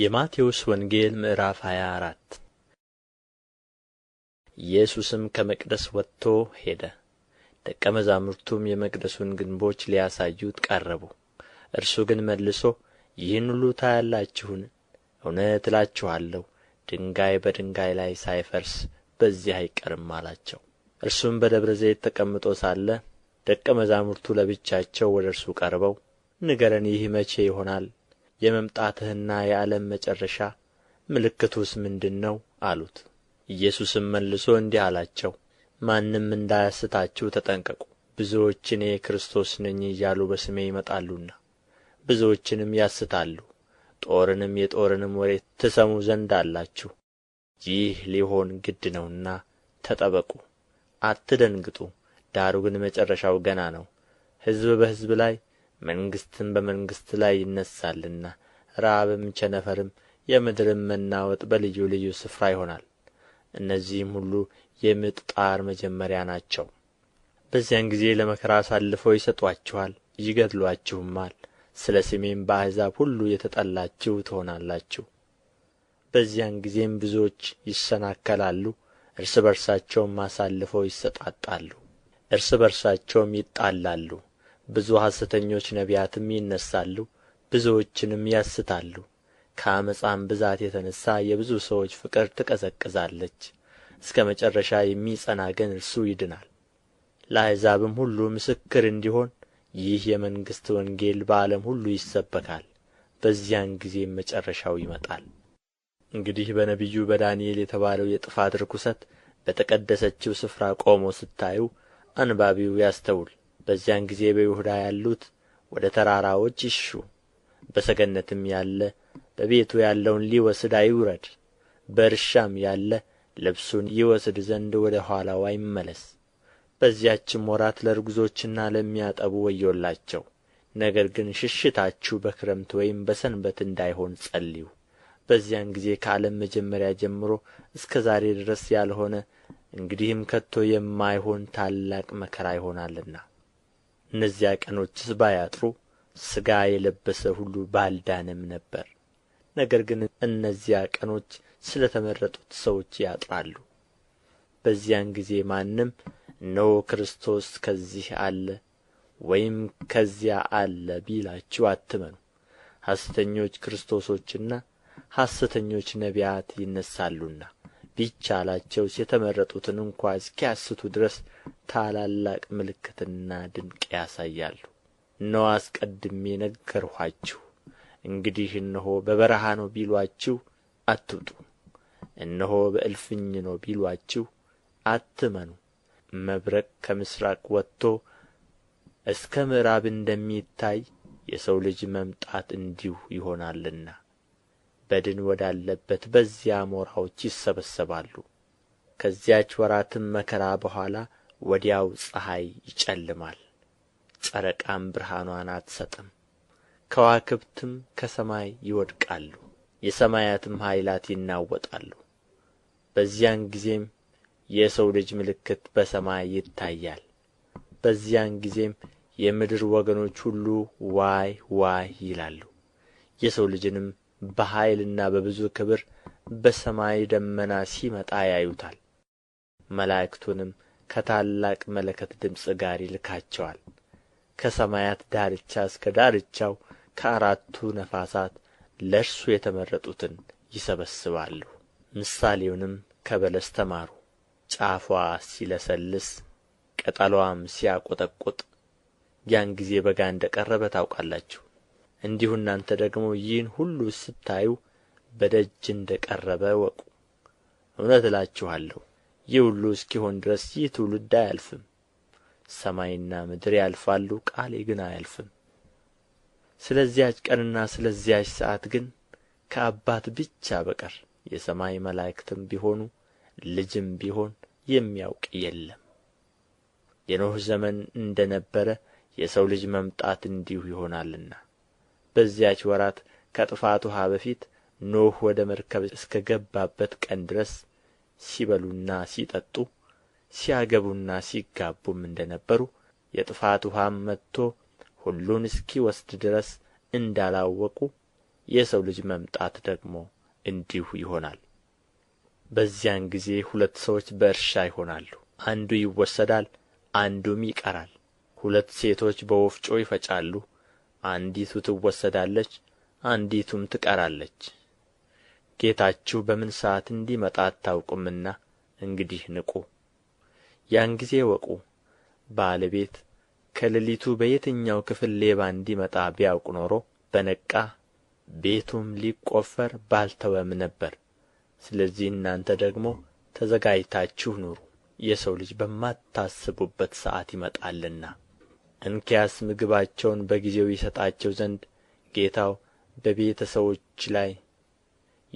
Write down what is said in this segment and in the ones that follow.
የማቴዎስ ወንጌል ምዕራፍ 24 ኢየሱስም ከመቅደስ ወጥቶ ሄደ። ደቀ መዛሙርቱም የመቅደሱን ግንቦች ሊያሳዩት ቀረቡ። እርሱ ግን መልሶ ይህን ሁሉ ታያላችሁን? እውነት እላችኋለሁ ድንጋይ በድንጋይ ላይ ሳይፈርስ በዚህ አይቀርም አላቸው። እርሱም በደብረ ዘይት ተቀምጦ ሳለ ደቀ መዛሙርቱ ለብቻቸው ወደ እርሱ ቀርበው ንገረን፣ ይህ መቼ ይሆናል? የመምጣትህና የዓለም መጨረሻ ምልክቱስ ምንድር ነው አሉት ኢየሱስም መልሶ እንዲህ አላቸው ማንም እንዳያስታችሁ ተጠንቀቁ ብዙዎች እኔ ክርስቶስ ነኝ እያሉ በስሜ ይመጣሉና ብዙዎችንም ያስታሉ ጦርንም የጦርንም ወሬ ትሰሙ ዘንድ አላችሁ ይህ ሊሆን ግድ ነውና ተጠበቁ አትደንግጡ ዳሩ ግን መጨረሻው ገና ነው ሕዝብ በሕዝብ ላይ መንግሥትም በመንግሥት ላይ ይነሣልና ራብም ቸነፈርም የምድርም መናወጥ በልዩ ልዩ ስፍራ ይሆናል እነዚህም ሁሉ የምጥ ጣር መጀመሪያ ናቸው በዚያን ጊዜ ለመከራ አሳልፈው ይሰጧችኋል፣ ይገድሏችሁማል ስለ ስሜም በአሕዛብ ሁሉ የተጠላችሁ ትሆናላችሁ በዚያን ጊዜም ብዙዎች ይሰናከላሉ እርስ በርሳቸውም አሳልፈው ይሰጣጣሉ እርስ በርሳቸውም ይጣላሉ ብዙ ሐሰተኞች ነቢያትም ይነሣሉ ብዙዎችንም ያስታሉ ከዓመፃም ብዛት የተነሣ የብዙ ሰዎች ፍቅር ትቀዘቅዛለች እስከ መጨረሻ የሚጸና ግን እርሱ ይድናል ለአሕዛብም ሁሉ ምስክር እንዲሆን ይህ የመንግሥት ወንጌል በዓለም ሁሉ ይሰበካል በዚያን ጊዜም መጨረሻው ይመጣል እንግዲህ በነቢዩ በዳንኤል የተባለው የጥፋት ርኵሰት በተቀደሰችው ስፍራ ቆሞ ስታዩ አንባቢው ያስተውል በዚያን ጊዜ በይሁዳ ያሉት ወደ ተራራዎች ይሹ በሰገነትም ያለ በቤቱ ያለውን ሊወስድ አይውረድ በእርሻም ያለ ልብሱን ይወስድ ዘንድ ወደ ኋላው አይመለስ በዚያችም ወራት ለርጉዞችና ለሚያጠቡ ወዮላቸው ነገር ግን ሽሽታችሁ በክረምት ወይም በሰንበት እንዳይሆን ጸልዩ በዚያን ጊዜ ከዓለም መጀመሪያ ጀምሮ እስከ ዛሬ ድረስ ያልሆነ እንግዲህም ከቶ የማይሆን ታላቅ መከራ ይሆናልና እነዚያ ቀኖችስ ባያጥሩ ሥጋ የለበሰ ሁሉ ባልዳነም ነበር ነገር ግን እነዚያ ቀኖች ስለ ተመረጡት ሰዎች ያጥራሉ በዚያን ጊዜ ማንም እነሆ ክርስቶስ ከዚህ አለ ወይም ከዚያ አለ ቢላችሁ አትመኑ ሐሰተኞች ክርስቶሶችና ሐሰተኞች ነቢያት ይነሣሉና ቢቻላቸውስ የተመረጡትን እንኳ እስኪያስቱ ድረስ ታላላቅ ምልክትና ድንቅ ያሳያሉ እነሆ አስቀድሜ ነገርኋችሁ እንግዲህ እነሆ በበረሃ ነው ቢሏችሁ አትውጡ እነሆ በእልፍኝ ነው ቢሏችሁ አትመኑ መብረቅ ከምሥራቅ ወጥቶ እስከ ምዕራብ እንደሚታይ የሰው ልጅ መምጣት እንዲሁ ይሆናልና በድን ወዳለበት በዚያ ሞራዎች ይሰበሰባሉ ከዚያች ወራትም መከራ በኋላ ወዲያው ፀሐይ ይጨልማል ጨረቃም ብርሃኗን አትሰጥም ከዋክብትም ከሰማይ ይወድቃሉ የሰማያትም ኃይላት ይናወጣሉ በዚያን ጊዜም የሰው ልጅ ምልክት በሰማይ ይታያል በዚያን ጊዜም የምድር ወገኖች ሁሉ ዋይ ዋይ ይላሉ የሰው ልጅንም በኃይልና በብዙ ክብር በሰማይ ደመና ሲመጣ ያዩታል መላእክቱንም ከታላቅ መለከት ድምፅ ጋር ይልካቸዋል ከሰማያት ዳርቻ እስከ ዳርቻው ከአራቱ ነፋሳት ለእርሱ የተመረጡትን ይሰበስባሉ። ምሳሌውንም ከበለስ ተማሩ። ጫፏ ሲለሰልስ ቅጠሏም ሲያቆጠቁጥ ያን ጊዜ በጋ እንደ ቀረበ ታውቃላችሁ። እንዲሁ እናንተ ደግሞ ይህን ሁሉ ስታዩ በደጅ እንደ ቀረበ እወቁ። እውነት እላችኋለሁ ይህ ሁሉ እስኪሆን ድረስ ይህ ትውልድ አያልፍም ሰማይና ምድር ያልፋሉ ቃሌ ግን አያልፍም ስለዚያች ቀንና ስለዚያች ሰዓት ግን ከአባት ብቻ በቀር የሰማይ መላእክትም ቢሆኑ ልጅም ቢሆን የሚያውቅ የለም የኖኅ ዘመን እንደ ነበረ የሰው ልጅ መምጣት እንዲሁ ይሆናልና በዚያች ወራት ከጥፋት ውኃ በፊት ኖኅ ወደ መርከብ እስከ ገባበት ቀን ድረስ ሲበሉና ሲጠጡ ሲያገቡና ሲጋቡም እንደ ነበሩ የጥፋት ውሃም መጥቶ ሁሉን እስኪወስድ ድረስ እንዳላወቁ የሰው ልጅ መምጣት ደግሞ እንዲሁ ይሆናል በዚያን ጊዜ ሁለት ሰዎች በእርሻ ይሆናሉ አንዱ ይወሰዳል አንዱም ይቀራል ሁለት ሴቶች በወፍጮ ይፈጫሉ አንዲቱ ትወሰዳለች አንዲቱም ትቀራለች ጌታችሁ በምን ሰዓት እንዲመጣ አታውቁምና እንግዲህ ንቁ ያን ጊዜ ወቁ። ባለቤት ከሌሊቱ በየትኛው ክፍል ሌባ እንዲመጣ ቢያውቅ ኖሮ በነቃ ቤቱም ሊቆፈር ባልተወም ነበር ስለዚህ እናንተ ደግሞ ተዘጋጅታችሁ ኑሩ የሰው ልጅ በማታስቡበት ሰዓት ይመጣልና እንኪያስ ምግባቸውን በጊዜው ይሰጣቸው ዘንድ ጌታው በቤተ ሰዎች ላይ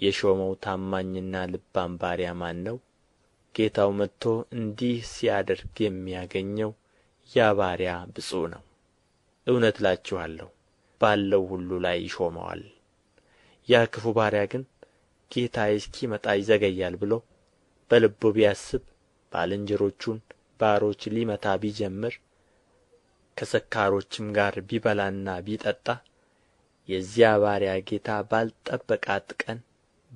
የሾመው ታማኝና ልባም ባሪያ ማን ነው ጌታው መጥቶ እንዲህ ሲያደርግ የሚያገኘው ያ ባሪያ ብፁዕ ነው እውነት እላችኋለሁ ባለው ሁሉ ላይ ይሾመዋል ያ ክፉ ባሪያ ግን ጌታዬ እስኪመጣ ይዘገያል ብሎ በልቡ ቢያስብ ባልንጀሮቹን ባሮች ሊመታ ቢጀምር ከሰካሮችም ጋር ቢበላና ቢጠጣ የዚያ ባሪያ ጌታ ባልጠበቃት ቀን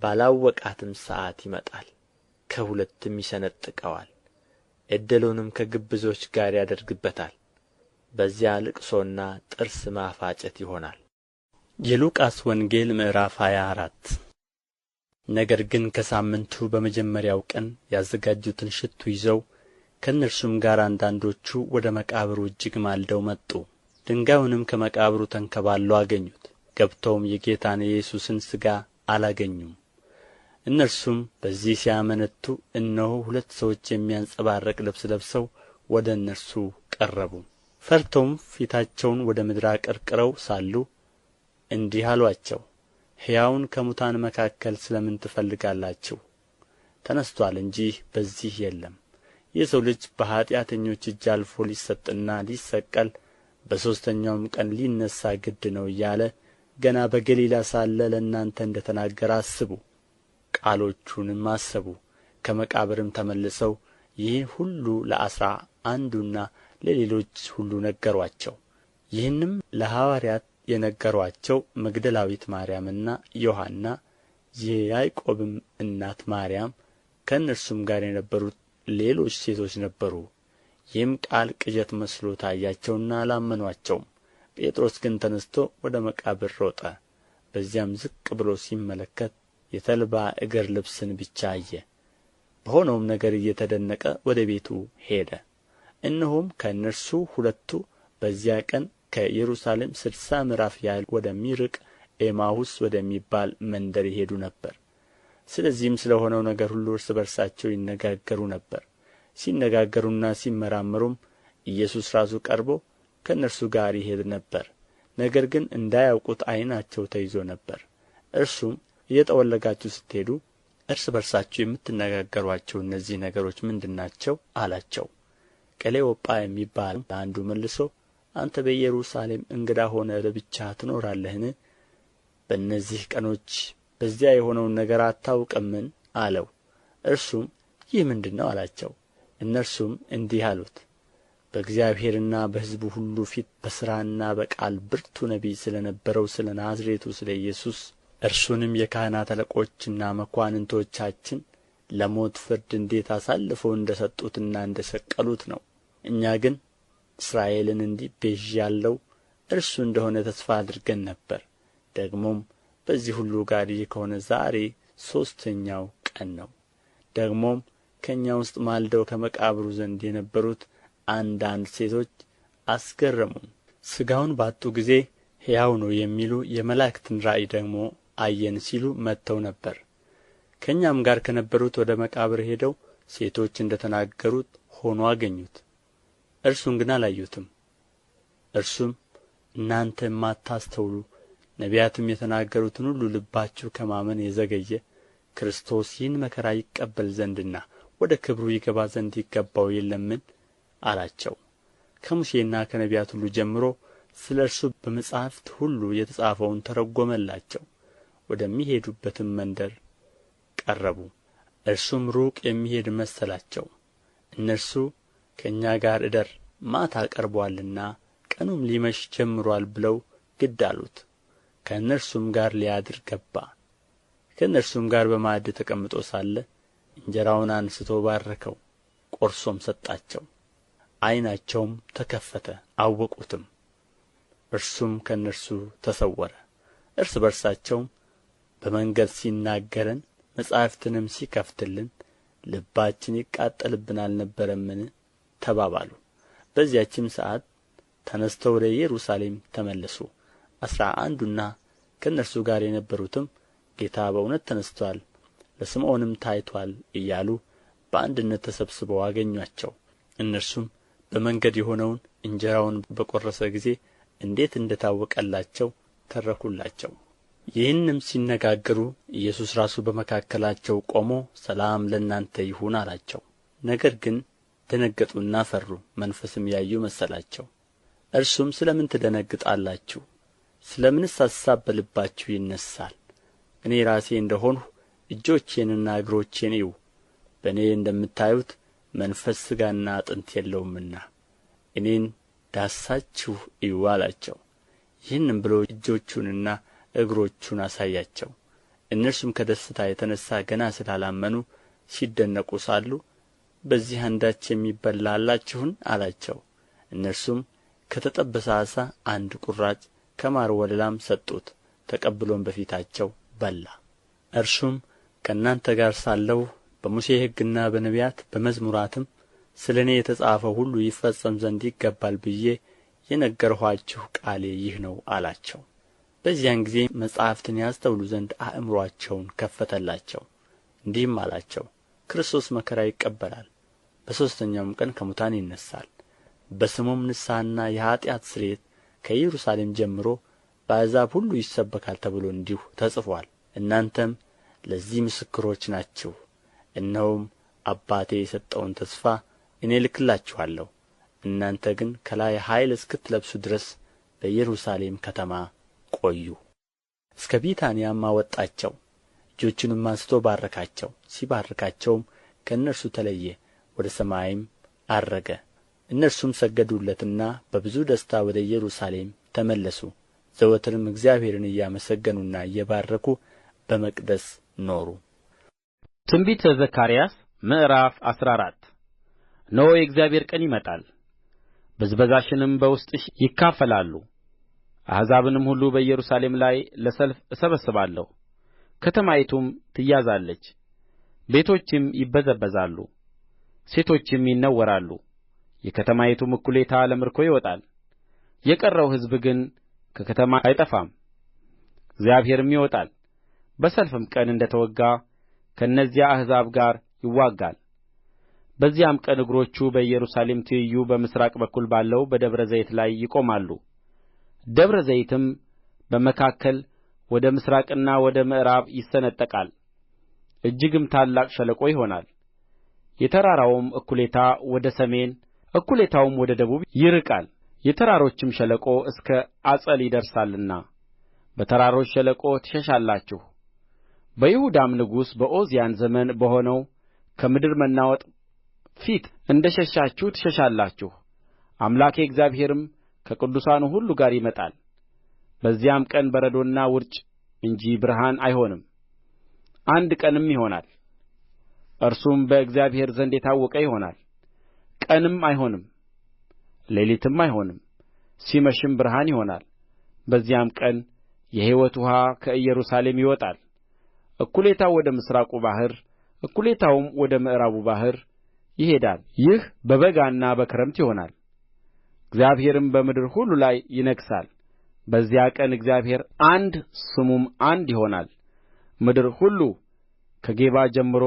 ባላወቃትም ሰዓት ይመጣል ከሁለትም ይሰነጥቀዋል እድሉንም ከግብዞች ጋር ያደርግበታል በዚያ ልቅሶና ጥርስ ማፋጨት ይሆናል የሉቃስ ወንጌል ምዕራፍ 24 ነገር ግን ከሳምንቱ በመጀመሪያው ቀን ያዘጋጁትን ሽቱ ይዘው ከእነርሱም ጋር አንዳንዶቹ ወደ መቃብሩ እጅግ ማልደው መጡ። ድንጋዩንም ከመቃብሩ ተንከባሎ አገኙት። ገብተውም የጌታን የኢየሱስን ሥጋ አላገኙም። እነርሱም በዚህ ሲያመነቱ እነሆ ሁለት ሰዎች የሚያንጸባርቅ ልብስ ለብሰው ወደ እነርሱ ቀረቡ ፈርተውም ፊታቸውን ወደ ምድር አቀርቅረው ሳሉ እንዲህ አሏቸው፣ ሕያውን ከሙታን መካከል ስለ ምን ትፈልጋላችሁ ተነስቶአል እንጂ በዚህ የለም የሰው ልጅ በኀጢአተኞች እጅ አልፎ ሊሰጥና ሊሰቀል በሦስተኛውም ቀን ሊነሣ ግድ ነው እያለ ገና በገሊላ ሳለ ለእናንተ እንደ ተናገረ አስቡ ቃሎቹንም አሰቡ ከመቃብርም ተመልሰው ይህ ሁሉ ለአሥራ አንዱና ለሌሎች ሁሉ ነገሩአቸው ይህንም ለሐዋርያት የነገሩአቸው መግደላዊት ማርያምና ዮሐና የያዕቆብም እናት ማርያም ከእነርሱም ጋር የነበሩት ሌሎች ሴቶች ነበሩ ይህም ቃል ቅዠት መስሎ ታያቸውና አላመኗቸውም። ጴጥሮስ ግን ተነስቶ ወደ መቃብር ሮጠ በዚያም ዝቅ ብሎ ሲመለከት የተልባ እግር ልብስን ብቻ አየ በሆነውም ነገር እየተደነቀ ወደ ቤቱ ሄደ እነሆም ከእነርሱ ሁለቱ በዚያ ቀን ከኢየሩሳሌም ስድሳ ምዕራፍ ያህል ወደሚርቅ ኤማሁስ ወደሚባል መንደር ይሄዱ ነበር ስለዚህም ስለ ሆነው ነገር ሁሉ እርስ በርሳቸው ይነጋገሩ ነበር ሲነጋገሩና ሲመራመሩም ኢየሱስ ራሱ ቀርቦ ከእነርሱ ጋር ይሄድ ነበር ነገር ግን እንዳያውቁት ዐይናቸው ተይዞ ነበር እርሱም እየጠወለጋችሁ ስትሄዱ እርስ በርሳችሁ የምትነጋገሯቸው እነዚህ ነገሮች ምንድን ናቸው አላቸው ቀሌዎጳ የሚባል አንዱ መልሶ አንተ በኢየሩሳሌም እንግዳ ሆነ ለብቻ ትኖራለህን በእነዚህ ቀኖች በዚያ የሆነውን ነገር አታውቅምን አለው እርሱም ይህ ምንድን ነው አላቸው እነርሱም እንዲህ አሉት በእግዚአብሔርና በሕዝቡ ሁሉ ፊት በሥራና በቃል ብርቱ ነቢይ ስለ ነበረው ስለ ናዝሬቱ ስለ ኢየሱስ እርሱንም የካህናት አለቆችና መኳንንቶቻችን ለሞት ፍርድ እንዴት አሳልፈው እንደ ሰጡትና እንደ ሰቀሉት ነው እኛ ግን እስራኤልን እንዲቤዥ ያለው እርሱ እንደሆነ ተስፋ አድርገን ነበር ደግሞም በዚህ ሁሉ ጋር ይህ ከሆነ ዛሬ ሦስተኛው ቀን ነው። ደግሞም ከእኛ ውስጥ ማልደው ከመቃብሩ ዘንድ የነበሩት አንዳንድ ሴቶች አስገረሙን። ሥጋውን ባጡ ጊዜ ሕያው ነው የሚሉ የመላእክትን ራእይ ደግሞ አየን ሲሉ መጥተው ነበር ከእኛም ጋር ከነበሩት ወደ መቃብር ሄደው ሴቶች እንደ ተናገሩት ሆኖ አገኙት እርሱን ግን አላዩትም እርሱም እናንተ የማታስተውሉ ነቢያትም የተናገሩትን ሁሉ ልባችሁ ከማመን የዘገየ ክርስቶስ ይህን መከራ ይቀበል ዘንድና ወደ ክብሩ ይገባ ዘንድ ይገባው የለምን አላቸው። ከሙሴና ከነቢያት ሁሉ ጀምሮ ስለ እርሱ በመጻሕፍት ሁሉ የተጻፈውን ተረጎመላቸው። ወደሚሄዱበትም መንደር ቀረቡ እርሱም ሩቅ የሚሄድ መሰላቸው እነርሱ ከእኛ ጋር እደር ማታ ቀርቦአልና ቀኑም ሊመሽ ጀምሮአል ብለው ግድ አሉት ከእነርሱም ጋር ሊያድር ገባ ከእነርሱም ጋር በማዕድ ተቀምጦ ሳለ እንጀራውን አንስቶ ባረከው ቆርሶም ሰጣቸው ዐይናቸውም ተከፈተ አወቁትም እርሱም ከእነርሱ ተሰወረ እርስ በርሳቸውም በመንገድ ሲናገረን መጻሕፍትንም ሲከፍትልን ልባችን ይቃጠልብን አልነበረምን ተባባሉ በዚያችም ሰዓት ተነስተው ወደ ኢየሩሳሌም ተመለሱ አሥራ አንዱና ከእነርሱ ጋር የነበሩትም ጌታ በእውነት ተነሥቶአል ለስምዖንም ታይቶአል እያሉ በአንድነት ተሰብስበው አገኟቸው። እነርሱም በመንገድ የሆነውን እንጀራውን በቈረሰ ጊዜ እንዴት እንደ ታወቀላቸው ተረኩላቸው ይህንም ሲነጋገሩ ኢየሱስ ራሱ በመካከላቸው ቆሞ ሰላም ለእናንተ ይሁን አላቸው ነገር ግን ደነገጡና ፈሩ መንፈስም ያዩ መሰላቸው እርሱም ስለ ምን ትደነግጣላችሁ ስለ ምንስ አሳብ በልባችሁ ይነሳል። እኔ ራሴ እንደ ሆንሁ እጆቼንና እግሮቼን እዩ በእኔ እንደምታዩት መንፈስ ሥጋና አጥንት የለውምና እኔን ዳሳችሁ እዩ አላቸው ይህንም ብሎ እጆቹንና እግሮቹን አሳያቸው እነርሱም ከደስታ የተነሳ ገና ስላላመኑ ሲደነቁ ሳሉ በዚህ አንዳች የሚበላ አላችሁን አላቸው እነርሱም ከተጠበሰ ዓሣ አንድ ቁራጭ ከማር ወለላም ሰጡት ተቀብሎም በፊታቸው በላ እርሱም ከእናንተ ጋር ሳለሁ በሙሴ ሕግና በነቢያት በመዝሙራትም ስለ እኔ የተጻፈው ሁሉ ይፈጸም ዘንድ ይገባል ብዬ የነገርኋችሁ ቃሌ ይህ ነው አላቸው በዚያን ጊዜ መጻሕፍትን ያስተውሉ ዘንድ አእምሮአቸውን ከፈተላቸው እንዲህም አላቸው ክርስቶስ መከራ ይቀበላል በሦስተኛውም ቀን ከሙታን ይነሣል በስሙም ንስሐና የኀጢአት ስርየት ከኢየሩሳሌም ጀምሮ በአሕዛብ ሁሉ ይሰበካል ተብሎ እንዲሁ ተጽፏል። እናንተም ለዚህ ምስክሮች ናችሁ። እነሆም አባቴ የሰጠውን ተስፋ እኔ እልክላችኋለሁ። እናንተ ግን ከላይ ኃይል እስክትለብሱ ድረስ በኢየሩሳሌም ከተማ ቆዩ እስከ ቢታንያም አወጣቸው እጆቹንም አንሥቶ ባረካቸው ሲባርካቸውም ከእነርሱ ተለየ ወደ ሰማይም አረገ እነርሱም ሰገዱለትና በብዙ ደስታ ወደ ኢየሩሳሌም ተመለሱ ዘወትርም እግዚአብሔርን እያመሰገኑና እየባረኩ በመቅደስ ኖሩ። ትንቢተ ዘካርያስ ምዕራፍ አስራ አራት እነሆ የእግዚአብሔር ቀን ይመጣል፣ ብዝበዛሽንም በውስጥሽ ይካፈላሉ አሕዛብንም ሁሉ በኢየሩሳሌም ላይ ለሰልፍ እሰበስባለሁ ከተማይቱም ትያዛለች ቤቶችም ይበዘበዛሉ ሴቶችም ይነወራሉ የከተማይቱም እኵሌታ ለምርኮ ይወጣል የቀረው ሕዝብ ግን ከከተማ አይጠፋም እግዚአብሔርም ይወጣል በሰልፍም ቀን እንደ ተወጋ ከእነዚያ አሕዛብ ጋር ይዋጋል በዚያም ቀን እግሮቹ በኢየሩሳሌም ትይዩ በምሥራቅ በኩል ባለው በደብረ ዘይት ላይ ይቆማሉ ደብረ ዘይትም በመካከል ወደ ምሥራቅና ወደ ምዕራብ ይሰነጠቃል እጅግም ታላቅ ሸለቆ ይሆናል የተራራውም እኵሌታ ወደ ሰሜን እኵሌታውም ወደ ደቡብ ይርቃል የተራሮችም ሸለቆ እስከ አጸል ይደርሳልና በተራሮች ሸለቆ ትሸሻላችሁ በይሁዳም ንጉሥ በዖዝያን ዘመን በሆነው ከምድር መናወጥ ፊት እንደ ሸሻችሁ ትሸሻላችሁ አምላኬ እግዚአብሔርም ከቅዱሳኑ ሁሉ ጋር ይመጣል በዚያም ቀን በረዶና ውርጭ እንጂ ብርሃን አይሆንም አንድ ቀንም ይሆናል እርሱም በእግዚአብሔር ዘንድ የታወቀ ይሆናል ቀንም አይሆንም ሌሊትም አይሆንም ሲመሽም ብርሃን ይሆናል በዚያም ቀን የሕይወት ውኃ ከኢየሩሳሌም ይወጣል እኩሌታው ወደ ምሥራቁ ባሕር እኩሌታውም ወደ ምዕራቡ ባሕር ይሄዳል ይህ በበጋና በክረምት ይሆናል እግዚአብሔርም በምድር ሁሉ ላይ ይነግሣል በዚያ ቀን እግዚአብሔር አንድ ስሙም አንድ ይሆናል ምድር ሁሉ ከጌባ ጀምሮ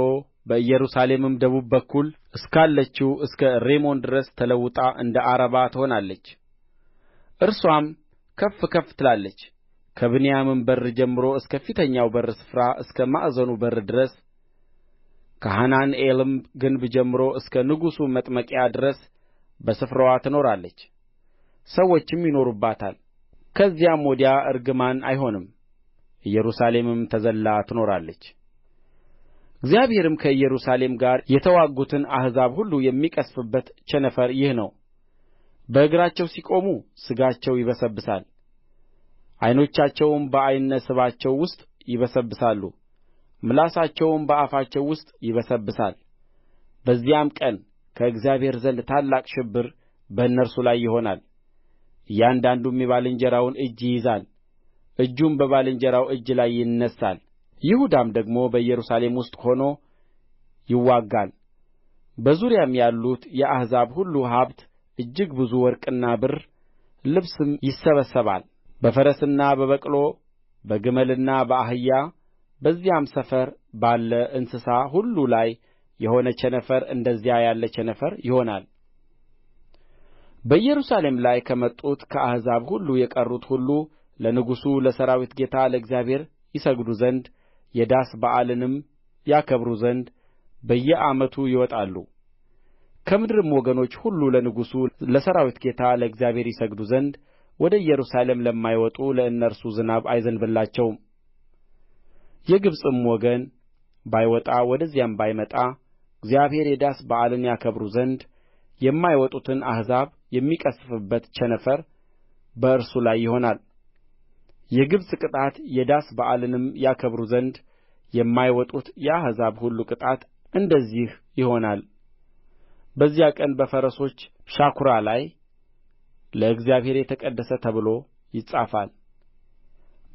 በኢየሩሳሌምም ደቡብ በኩል እስካለችው እስከ ሬሞን ድረስ ተለውጣ እንደ ዓረባ ትሆናለች እርስዋም ከፍ ከፍ ትላለች ከብንያምም በር ጀምሮ እስከ ፊተኛው በር ስፍራ እስከ ማዕዘኑ በር ድረስ ከሐናንኤልም ግንብ ጀምሮ እስከ ንጉሡ መጥመቂያ ድረስ በስፍራዋ ትኖራለች ሰዎችም ይኖሩባታል ከዚያም ወዲያ እርግማን አይሆንም ኢየሩሳሌምም ተዘልላ ትኖራለች እግዚአብሔርም ከኢየሩሳሌም ጋር የተዋጉትን አሕዛብ ሁሉ የሚቀሥፍበት ቸነፈር ይህ ነው በእግራቸው ሲቆሙ ሥጋቸው ይበሰብሳል ዐይኖቻቸውም በዓይነ ስባቸው ውስጥ ይበሰብሳሉ ምላሳቸውም በአፋቸው ውስጥ ይበሰብሳል በዚያም ቀን ከእግዚአብሔር ዘንድ ታላቅ ሽብር በእነርሱ ላይ ይሆናል እያንዳንዱም የባልንጀራውን እጅ ይይዛል እጁም በባልንጀራው እጅ ላይ ይነሣል ይሁዳም ደግሞ በኢየሩሳሌም ውስጥ ሆኖ ይዋጋል በዙሪያም ያሉት የአሕዛብ ሁሉ ሀብት እጅግ ብዙ ወርቅና ብር ልብስም ይሰበሰባል በፈረስና በበቅሎ በግመልና በአህያ በዚያም ሰፈር ባለ እንስሳ ሁሉ ላይ የሆነ ቸነፈር እንደዚያ ያለ ቸነፈር ይሆናል በኢየሩሳሌም ላይ ከመጡት ከአሕዛብ ሁሉ የቀሩት ሁሉ ለንጉሡ ለሠራዊት ጌታ ለእግዚአብሔር ይሰግዱ ዘንድ የዳስ በዓልንም ያከብሩ ዘንድ በየዓመቱ ይወጣሉ። ከምድርም ወገኖች ሁሉ ለንጉሡ ለሠራዊት ጌታ ለእግዚአብሔር ይሰግዱ ዘንድ ወደ ኢየሩሳሌም ለማይወጡ ለእነርሱ ዝናብ አይዘንብላቸውም። የግብጽም ወገን ባይወጣ ወደዚያም ባይመጣ እግዚአብሔር የዳስ በዓልን ያከብሩ ዘንድ የማይወጡትን አሕዛብ የሚቀሥፍበት ቸነፈር በእርሱ ላይ ይሆናል። የግብጽ ቅጣት የዳስ በዓልንም ያከብሩ ዘንድ የማይወጡት የአሕዛብ ሁሉ ቅጣት እንደዚህ ይሆናል። በዚያ ቀን በፈረሶች ሻኵራ ላይ ለእግዚአብሔር የተቀደሰ ተብሎ ይጻፋል።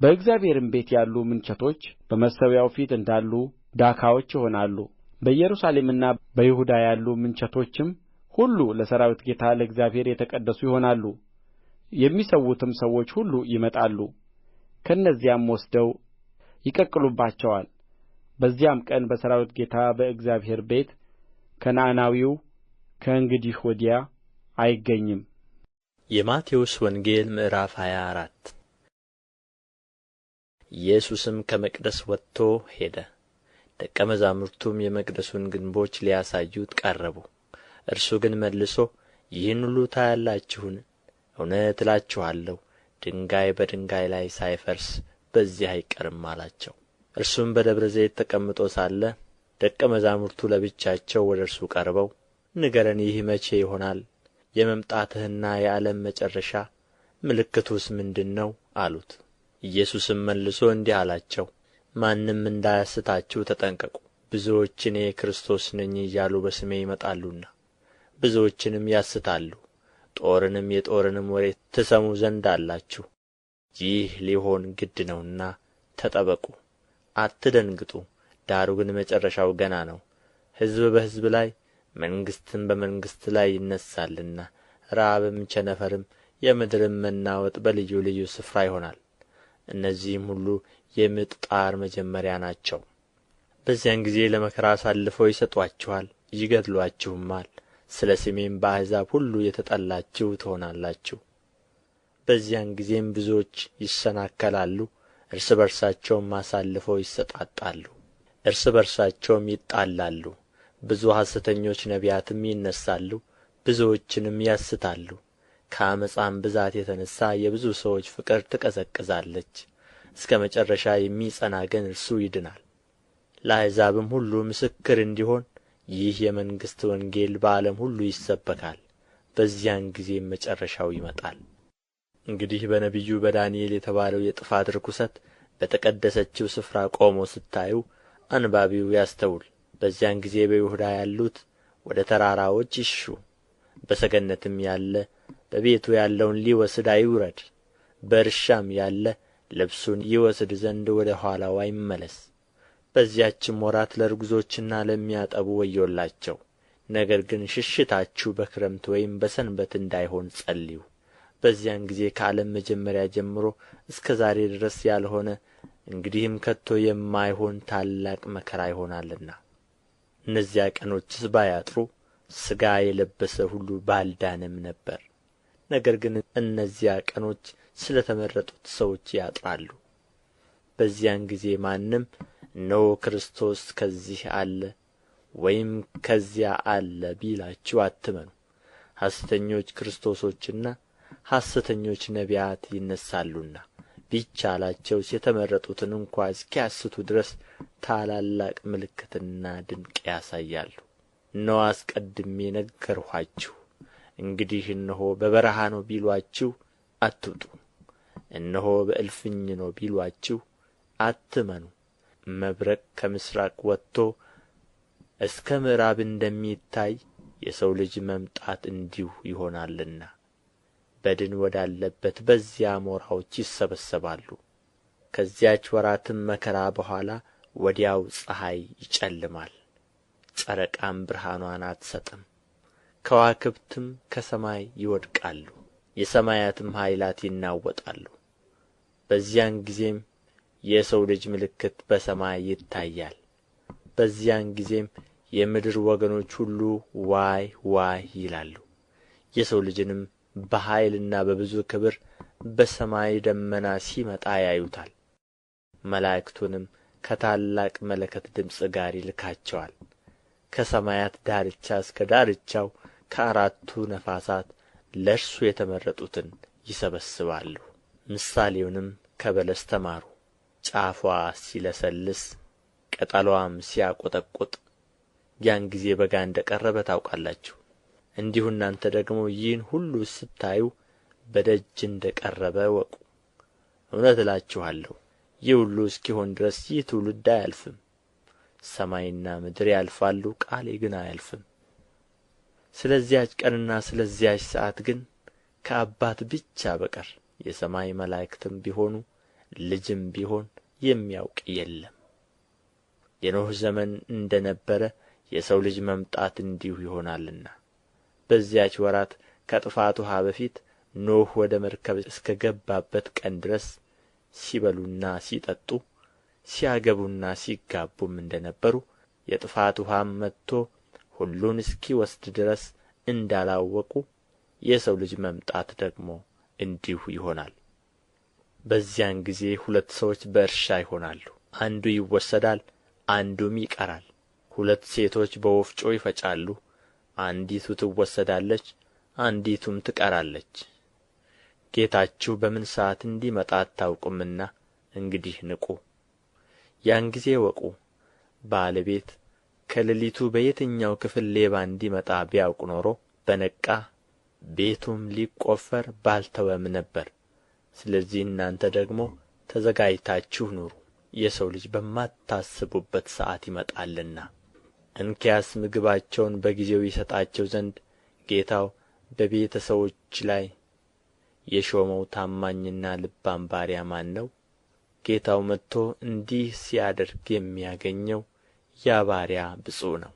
በእግዚአብሔርም ቤት ያሉ ምንቸቶች በመሠዊያው ፊት እንዳሉ ዳካዎች ይሆናሉ። በኢየሩሳሌምና በይሁዳ ያሉ ምንቸቶችም ሁሉ ለሠራዊት ጌታ ለእግዚአብሔር የተቀደሱ ይሆናሉ የሚሠዉትም ሰዎች ሁሉ ይመጣሉ ከእነዚያም ወስደው ይቀቅሉባቸዋል በዚያም ቀን በሠራዊት ጌታ በእግዚአብሔር ቤት ከነዓናዊው ከእንግዲህ ወዲያ አይገኝም። የማቴዎስ ወንጌል ምዕራፍ ሃያ አራት ኢየሱስም ከመቅደስ ወጥቶ ሄደ ደቀ መዛሙርቱም የመቅደሱን ግንቦች ሊያሳዩት ቀረቡ እርሱ ግን መልሶ ይህን ሁሉ ታያላችሁን እውነት እላችኋለሁ ድንጋይ በድንጋይ ላይ ሳይፈርስ በዚህ አይቀርም አላቸው እርሱም በደብረ ዘይት ተቀምጦ ሳለ ደቀ መዛሙርቱ ለብቻቸው ወደ እርሱ ቀርበው ንገረን ይህ መቼ ይሆናል የመምጣትህና የዓለም መጨረሻ ምልክቱስ ምንድን ነው አሉት ኢየሱስም መልሶ እንዲህ አላቸው ማንም እንዳያስታችሁ ተጠንቀቁ ብዙዎች እኔ ክርስቶስ ነኝ እያሉ በስሜ ይመጣሉና ብዙዎችንም ያስታሉ ጦርንም የጦርንም ወሬ ትሰሙ ዘንድ አላችሁ ይህ ሊሆን ግድ ነውና ተጠበቁ አትደንግጡ ዳሩ ግን መጨረሻው ገና ነው ሕዝብ በሕዝብ ላይ መንግሥትም በመንግሥት ላይ ይነሣልና ራብም ቸነፈርም የምድርም መናወጥ በልዩ ልዩ ስፍራ ይሆናል እነዚህም ሁሉ የምጥጣር መጀመሪያ ናቸው በዚያን ጊዜ ለመከራ አሳልፈው ይሰጧችኋል፣ ይገድሏችሁማል ስለ ስሜም በአሕዛብ ሁሉ የተጠላችሁ ትሆናላችሁ በዚያን ጊዜም ብዙዎች ይሰናከላሉ እርስ በርሳቸውም አሳልፈው ይሰጣጣሉ እርስ በርሳቸውም ይጣላሉ ብዙ ሐሰተኞች ነቢያትም ይነሣሉ ብዙዎችንም ያስታሉ ከአመፃም ብዛት የተነሣ የብዙ ሰዎች ፍቅር ትቀዘቅዛለች እስከ መጨረሻ የሚጸና ግን እርሱ ይድናል ለአሕዛብም ሁሉ ምስክር እንዲሆን ይህ የመንግሥት ወንጌል በዓለም ሁሉ ይሰበካል በዚያን ጊዜም መጨረሻው ይመጣል እንግዲህ በነቢዩ በዳንኤል የተባለው የጥፋት ርኵሰት በተቀደሰችው ስፍራ ቆሞ ስታዩ አንባቢው ያስተውል በዚያን ጊዜ በይሁዳ ያሉት ወደ ተራራዎች ይሹ በሰገነትም ያለ በቤቱ ያለውን ሊወስድ አይውረድ በእርሻም ያለ ልብሱን ይወስድ ዘንድ ወደ ኋላው አይመለስ በዚያችም ወራት ለርጉዞችና ለሚያጠቡ ወዮላቸው ነገር ግን ሽሽታችሁ በክረምት ወይም በሰንበት እንዳይሆን ጸልዩ በዚያን ጊዜ ከዓለም መጀመሪያ ጀምሮ እስከ ዛሬ ድረስ ያልሆነ እንግዲህም ከቶ የማይሆን ታላቅ መከራ ይሆናልና እነዚያ ቀኖችስ ባያጥሩ ሥጋ የለበሰ ሁሉ ባልዳነም ነበር ነገር ግን እነዚያ ቀኖች ስለ ተመረጡት ሰዎች ያጥራሉ። በዚያን ጊዜ ማንም እነሆ ክርስቶስ ከዚህ አለ ወይም ከዚያ አለ ቢላችሁ አትመኑ። ሐሰተኞች ክርስቶሶችና ሐሰተኞች ነቢያት ይነሳሉና ቢቻላቸውስ የተመረጡትን እንኳ እስኪያስቱ ድረስ ታላላቅ ምልክትና ድንቅ ያሳያሉ። እነሆ አስቀድሜ ነገርኋችሁ። እንግዲህ እነሆ በበረሃ ነው ቢሏችሁ አትውጡ፣ እነሆ በእልፍኝ ነው ቢሏችሁ አትመኑ መብረቅ ከምሥራቅ ወጥቶ እስከ ምዕራብ እንደሚታይ የሰው ልጅ መምጣት እንዲሁ ይሆናልና በድን ወዳለበት በዚያ አሞራዎች ይሰበሰባሉ ከዚያች ወራትም መከራ በኋላ ወዲያው ፀሐይ ይጨልማል፣ ጨረቃም ብርሃኗን አትሰጥም፣ ከዋክብትም ከሰማይ ይወድቃሉ፣ የሰማያትም ኃይላት ይናወጣሉ። በዚያን ጊዜም የሰው ልጅ ምልክት በሰማይ ይታያል በዚያን ጊዜም የምድር ወገኖች ሁሉ ዋይ ዋይ ይላሉ የሰው ልጅንም በኃይልና በብዙ ክብር በሰማይ ደመና ሲመጣ ያዩታል መላእክቱንም ከታላቅ መለከት ድምፅ ጋር ይልካቸዋል ከሰማያት ዳርቻ እስከ ዳርቻው ከአራቱ ነፋሳት ለእርሱ የተመረጡትን ይሰበስባሉ ምሳሌውንም ከበለስ ተማሩ ጫፏ ሲለሰልስ ቅጠሏም ሲያቆጠቁጥ ያን ጊዜ በጋ እንደ ቀረበ ታውቃላችሁ እንዲሁ እናንተ ደግሞ ይህን ሁሉ ስታዩ በደጅ እንደ ቀረበ እወቁ እውነት እላችኋለሁ ይህ ሁሉ እስኪሆን ድረስ ይህ ትውልድ አያልፍም ሰማይና ምድር ያልፋሉ ቃሌ ግን አያልፍም ስለዚያች ቀንና ስለዚያች ሰዓት ግን ከአባት ብቻ በቀር የሰማይ መላእክትም ቢሆኑ ልጅም ቢሆን የሚያውቅ የለም የኖኅ ዘመን እንደ ነበረ የሰው ልጅ መምጣት እንዲሁ ይሆናልና በዚያች ወራት ከጥፋት ውሃ በፊት ኖኅ ወደ መርከብ እስከ ገባበት ቀን ድረስ ሲበሉና ሲጠጡ ሲያገቡና ሲጋቡም እንደ ነበሩ የጥፋት ውሃም መጥቶ ሁሉን እስኪወስድ ድረስ እንዳላወቁ የሰው ልጅ መምጣት ደግሞ እንዲሁ ይሆናል በዚያን ጊዜ ሁለት ሰዎች በእርሻ ይሆናሉ አንዱ ይወሰዳል አንዱም ይቀራል ሁለት ሴቶች በወፍጮ ይፈጫሉ አንዲቱ ትወሰዳለች አንዲቱም ትቀራለች ጌታችሁ በምን ሰዓት እንዲመጣ አታውቁምና እንግዲህ ንቁ። ያን ጊዜ ወቁ፣ ባለቤት ከሌሊቱ በየትኛው ክፍል ሌባ እንዲመጣ ቢያውቅ ኖሮ በነቃ ቤቱም ሊቆፈር ባልተወም ነበር ስለዚህ እናንተ ደግሞ ተዘጋጅታችሁ ኑሩ የሰው ልጅ በማታስቡበት ሰዓት ይመጣልና እንኪያስ ምግባቸውን በጊዜው ይሰጣቸው ዘንድ ጌታው በቤተ ሰዎች ላይ የሾመው ታማኝና ልባም ባሪያ ማን ነው ጌታው መጥቶ እንዲህ ሲያደርግ የሚያገኘው ያ ባሪያ ብፁዕ ነው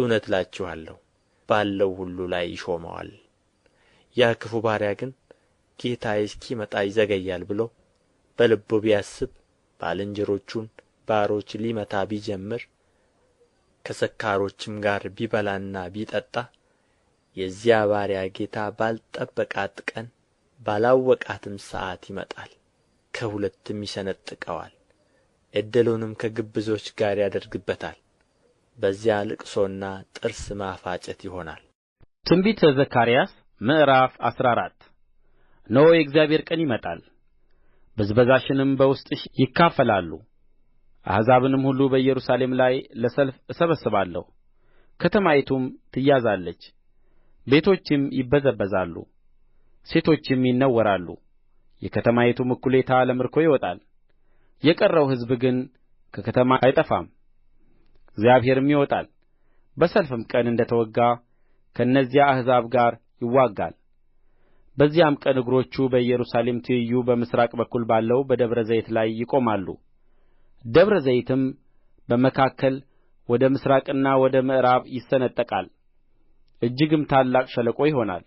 እውነት እላችኋለሁ ባለው ሁሉ ላይ ይሾመዋል ያ ክፉ ባሪያ ግን ጌታዬ እስኪመጣ ይዘገያል ብሎ በልቡ ቢያስብ ባልንጀሮቹን ባሮች ሊመታ ቢጀምር ከሰካሮችም ጋር ቢበላና ቢጠጣ የዚያ ባሪያ ጌታ ባልጠበቃት ቀን ባላወቃትም ሰዓት ይመጣል፣ ከሁለትም ይሰነጥቀዋል፣ ዕድሉንም ከግብዞች ጋር ያደርግበታል። በዚያ ልቅሶና ጥርስ ማፋጨት ይሆናል። ትንቢተ ዘካርያስ ምዕራፍ አስራ አራት እነሆ የእግዚአብሔር ቀን ይመጣል ብዝበዛሽንም በውስጥሽ ይካፈላሉ አሕዛብንም ሁሉ በኢየሩሳሌም ላይ ለሰልፍ እሰበስባለሁ ከተማይቱም ትያዛለች ቤቶችም ይበዘበዛሉ ሴቶችም ይነወራሉ የከተማይቱም እኵሌታ ለምርኮ ይወጣል የቀረው ሕዝብ ግን ከከተማ አይጠፋም እግዚአብሔርም ይወጣል በሰልፍም ቀን እንደ ተወጋ ከእነዚያ አሕዛብ ጋር ይዋጋል በዚያም ቀን እግሮቹ በኢየሩሳሌም ትይዩ በምሥራቅ በኩል ባለው በደብረ ዘይት ላይ ይቆማሉ ደብረ ዘይትም በመካከል ወደ ምሥራቅና ወደ ምዕራብ ይሰነጠቃል እጅግም ታላቅ ሸለቆ ይሆናል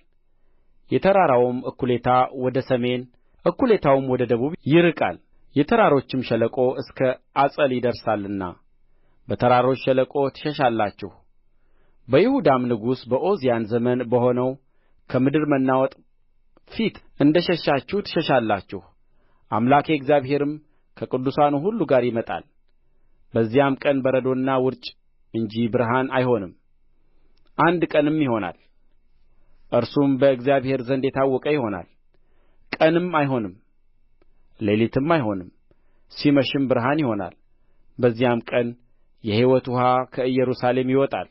የተራራውም እኩሌታ ወደ ሰሜን እኩሌታውም ወደ ደቡብ ይርቃል የተራሮችም ሸለቆ እስከ አጸል ይደርሳልና በተራሮች ሸለቆ ትሸሻላችሁ በይሁዳም ንጉሥ በዖዝያን ዘመን በሆነው ከምድር መናወጥ ፊት እንደ ሸሻችሁ ትሸሻላችሁ አምላኬ እግዚአብሔርም ከቅዱሳኑ ሁሉ ጋር ይመጣል በዚያም ቀን በረዶና ውርጭ እንጂ ብርሃን አይሆንም አንድ ቀንም ይሆናል እርሱም በእግዚአብሔር ዘንድ የታወቀ ይሆናል ቀንም አይሆንም ሌሊትም አይሆንም ሲመሽም ብርሃን ይሆናል በዚያም ቀን የሕይወት ውኃ ከኢየሩሳሌም ይወጣል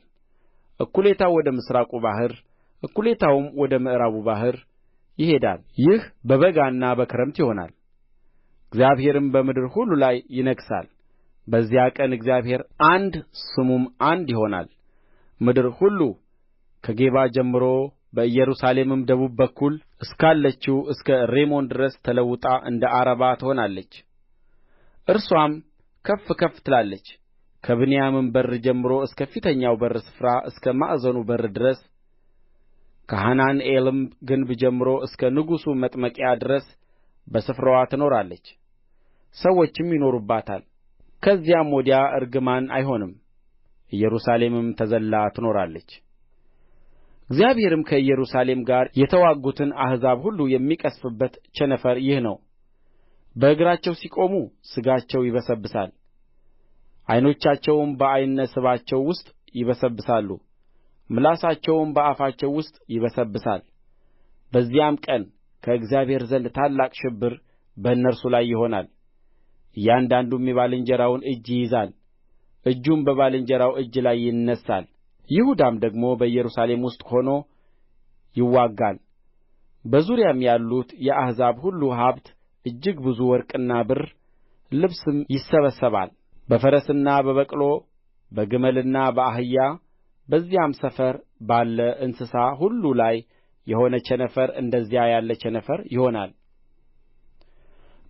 እኵሌታው ወደ ምሥራቁ ባሕር እኩሌታውም ወደ ምዕራቡ ባሕር ይሄዳል ይህ በበጋና በክረምት ይሆናል እግዚአብሔርም በምድር ሁሉ ላይ ይነግሣል በዚያ ቀን እግዚአብሔር አንድ ስሙም አንድ ይሆናል ምድር ሁሉ ከጌባ ጀምሮ በኢየሩሳሌምም ደቡብ በኩል እስካለችው እስከ ሬሞን ድረስ ተለውጣ እንደ አረባ ትሆናለች እርሷም ከፍ ከፍ ትላለች ከብንያምም በር ጀምሮ እስከ ፊተኛው በር ስፍራ እስከ ማዕዘኑ በር ድረስ ከሐናንኤልም ግንብ ጀምሮ እስከ ንጉሡ መጥመቂያ ድረስ በስፍራዋ ትኖራለች ሰዎችም ይኖሩባታል ከዚያም ወዲያ እርግማን አይሆንም ኢየሩሳሌምም ተዘልላ ትኖራለች እግዚአብሔርም ከኢየሩሳሌም ጋር የተዋጉትን አሕዛብ ሁሉ የሚቀሥፍበት ቸነፈር ይህ ነው በእግራቸው ሲቆሙ ሥጋቸው ይበሰብሳል ዓይኖቻቸውም በዓይነ ስባቸው ውስጥ ይበሰብሳሉ ምላሳቸውም በአፋቸው ውስጥ ይበሰብሳል በዚያም ቀን ከእግዚአብሔር ዘንድ ታላቅ ሽብር በእነርሱ ላይ ይሆናል እያንዳንዱም የባልንጀራውን እጅ ይይዛል እጁም በባልንጀራው እጅ ላይ ይነሣል ይሁዳም ደግሞ በኢየሩሳሌም ውስጥ ሆኖ ይዋጋል በዙሪያም ያሉት የአሕዛብ ሁሉ ሀብት እጅግ ብዙ ወርቅና ብር ልብስም ይሰበሰባል በፈረስና በበቅሎ በግመልና በአህያ በዚያም ሰፈር ባለ እንስሳ ሁሉ ላይ የሆነ ቸነፈር እንደዚያ ያለ ቸነፈር ይሆናል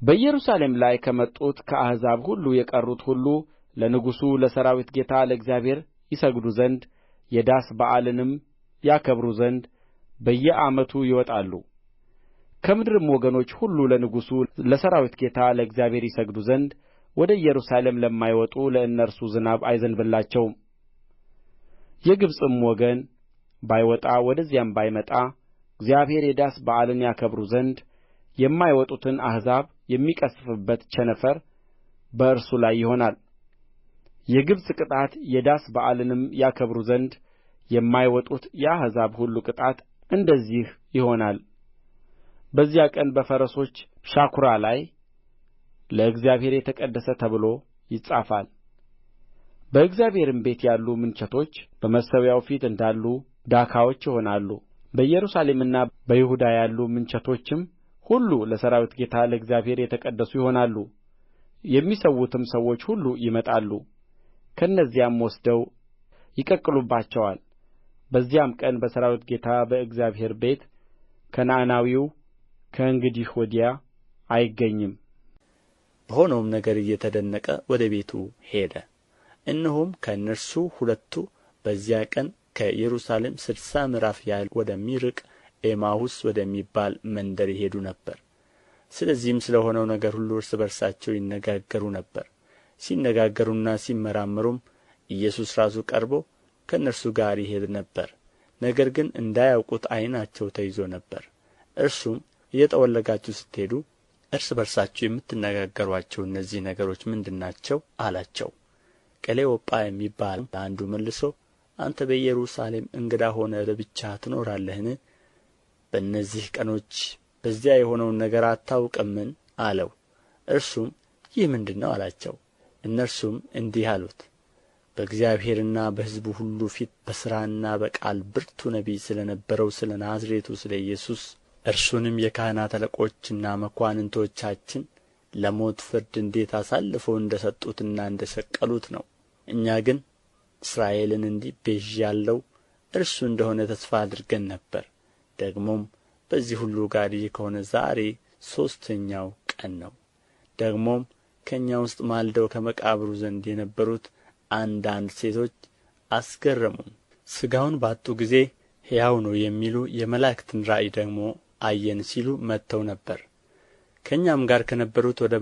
በኢየሩሳሌም ላይ ከመጡት ከአሕዛብ ሁሉ የቀሩት ሁሉ ለንጉሡ ለሠራዊት ጌታ ለእግዚአብሔር ይሰግዱ ዘንድ የዳስ በዓልንም ያከብሩ ዘንድ በየዓመቱ ይወጣሉ። ከምድርም ወገኖች ሁሉ ለንጉሡ ለሠራዊት ጌታ ለእግዚአብሔር ይሰግዱ ዘንድ ወደ ኢየሩሳሌም ለማይወጡ ለእነርሱ ዝናብ አይዘንብላቸውም። የግብጽም ወገን ባይወጣ ወደዚያም ባይመጣ እግዚአብሔር የዳስ በዓልን ያከብሩ ዘንድ የማይወጡትን አሕዛብ የሚቀሥፍበት ቸነፈር በእርሱ ላይ ይሆናል። የግብጽ ቅጣት የዳስ በዓልንም ያከብሩ ዘንድ የማይወጡት የአሕዛብ ሁሉ ቅጣት እንደዚህ ይሆናል። በዚያ ቀን በፈረሶች ሻኵራ ላይ ለእግዚአብሔር የተቀደሰ ተብሎ ይጻፋል። በእግዚአብሔርም ቤት ያሉ ምንቸቶች በመሠዊያው ፊት እንዳሉ ዳካዎች ይሆናሉ በኢየሩሳሌምና በይሁዳ ያሉ ምንቸቶችም ሁሉ ለሠራዊት ጌታ ለእግዚአብሔር የተቀደሱ ይሆናሉ የሚሠዉትም ሰዎች ሁሉ ይመጣሉ ከእነዚያም ወስደው ይቀቅሉባቸዋል በዚያም ቀን በሠራዊት ጌታ በእግዚአብሔር ቤት ከነዓናዊው ከእንግዲህ ወዲያ አይገኝም በሆነውም ነገር እየተደነቀ ወደ ቤቱ ሄደ እነሆም ከእነርሱ ሁለቱ በዚያ ቀን ከኢየሩሳሌም ስድሳ ምዕራፍ ያህል ወደሚርቅ ኤማሁስ ወደሚባል መንደር ይሄዱ ነበር ስለዚህም ስለ ሆነው ነገር ሁሉ እርስ በርሳቸው ይነጋገሩ ነበር ሲነጋገሩና ሲመራመሩም ኢየሱስ ራሱ ቀርቦ ከእነርሱ ጋር ይሄድ ነበር ነገር ግን እንዳያውቁት ዓይናቸው ተይዞ ነበር እርሱም እየጠወለጋችሁ ስትሄዱ እርስ በርሳችሁ የምትነጋገሯቸው እነዚህ ነገሮች ምንድን ናቸው አላቸው ቀሌዎጳ የሚባል አንዱ መልሶ አንተ በኢየሩሳሌም እንግዳ ሆነ ለብቻህ ትኖራለህን በእነዚህ ቀኖች በዚያ የሆነውን ነገር አታውቅምን አለው እርሱም ይህ ምንድን ነው አላቸው እነርሱም እንዲህ አሉት በእግዚአብሔርና በሕዝቡ ሁሉ ፊት በሥራና በቃል ብርቱ ነቢይ ስለ ነበረው ስለ ናዝሬቱ ስለ ኢየሱስ እርሱንም የካህናት አለቆችና መኳንንቶቻችን ለሞት ፍርድ እንዴት አሳልፈው እንደ ሰጡትና እንደ ሰቀሉት ነው እኛ ግን እስራኤልን እንዲቤዥ ያለው እርሱ እንደሆነ ተስፋ አድርገን ነበር ደግሞም በዚህ ሁሉ ጋር ይህ ከሆነ ዛሬ ሦስተኛው ቀን ነው ደግሞም ከእኛ ውስጥ ማልደው ከመቃብሩ ዘንድ የነበሩት አንዳንድ ሴቶች አስገረሙን ሥጋውን ባጡ ጊዜ ሕያው ነው የሚሉ የመላእክትን ራእይ ደግሞ አየን ሲሉ መጥተው ነበር ከእኛም ጋር ከነበሩት ወደ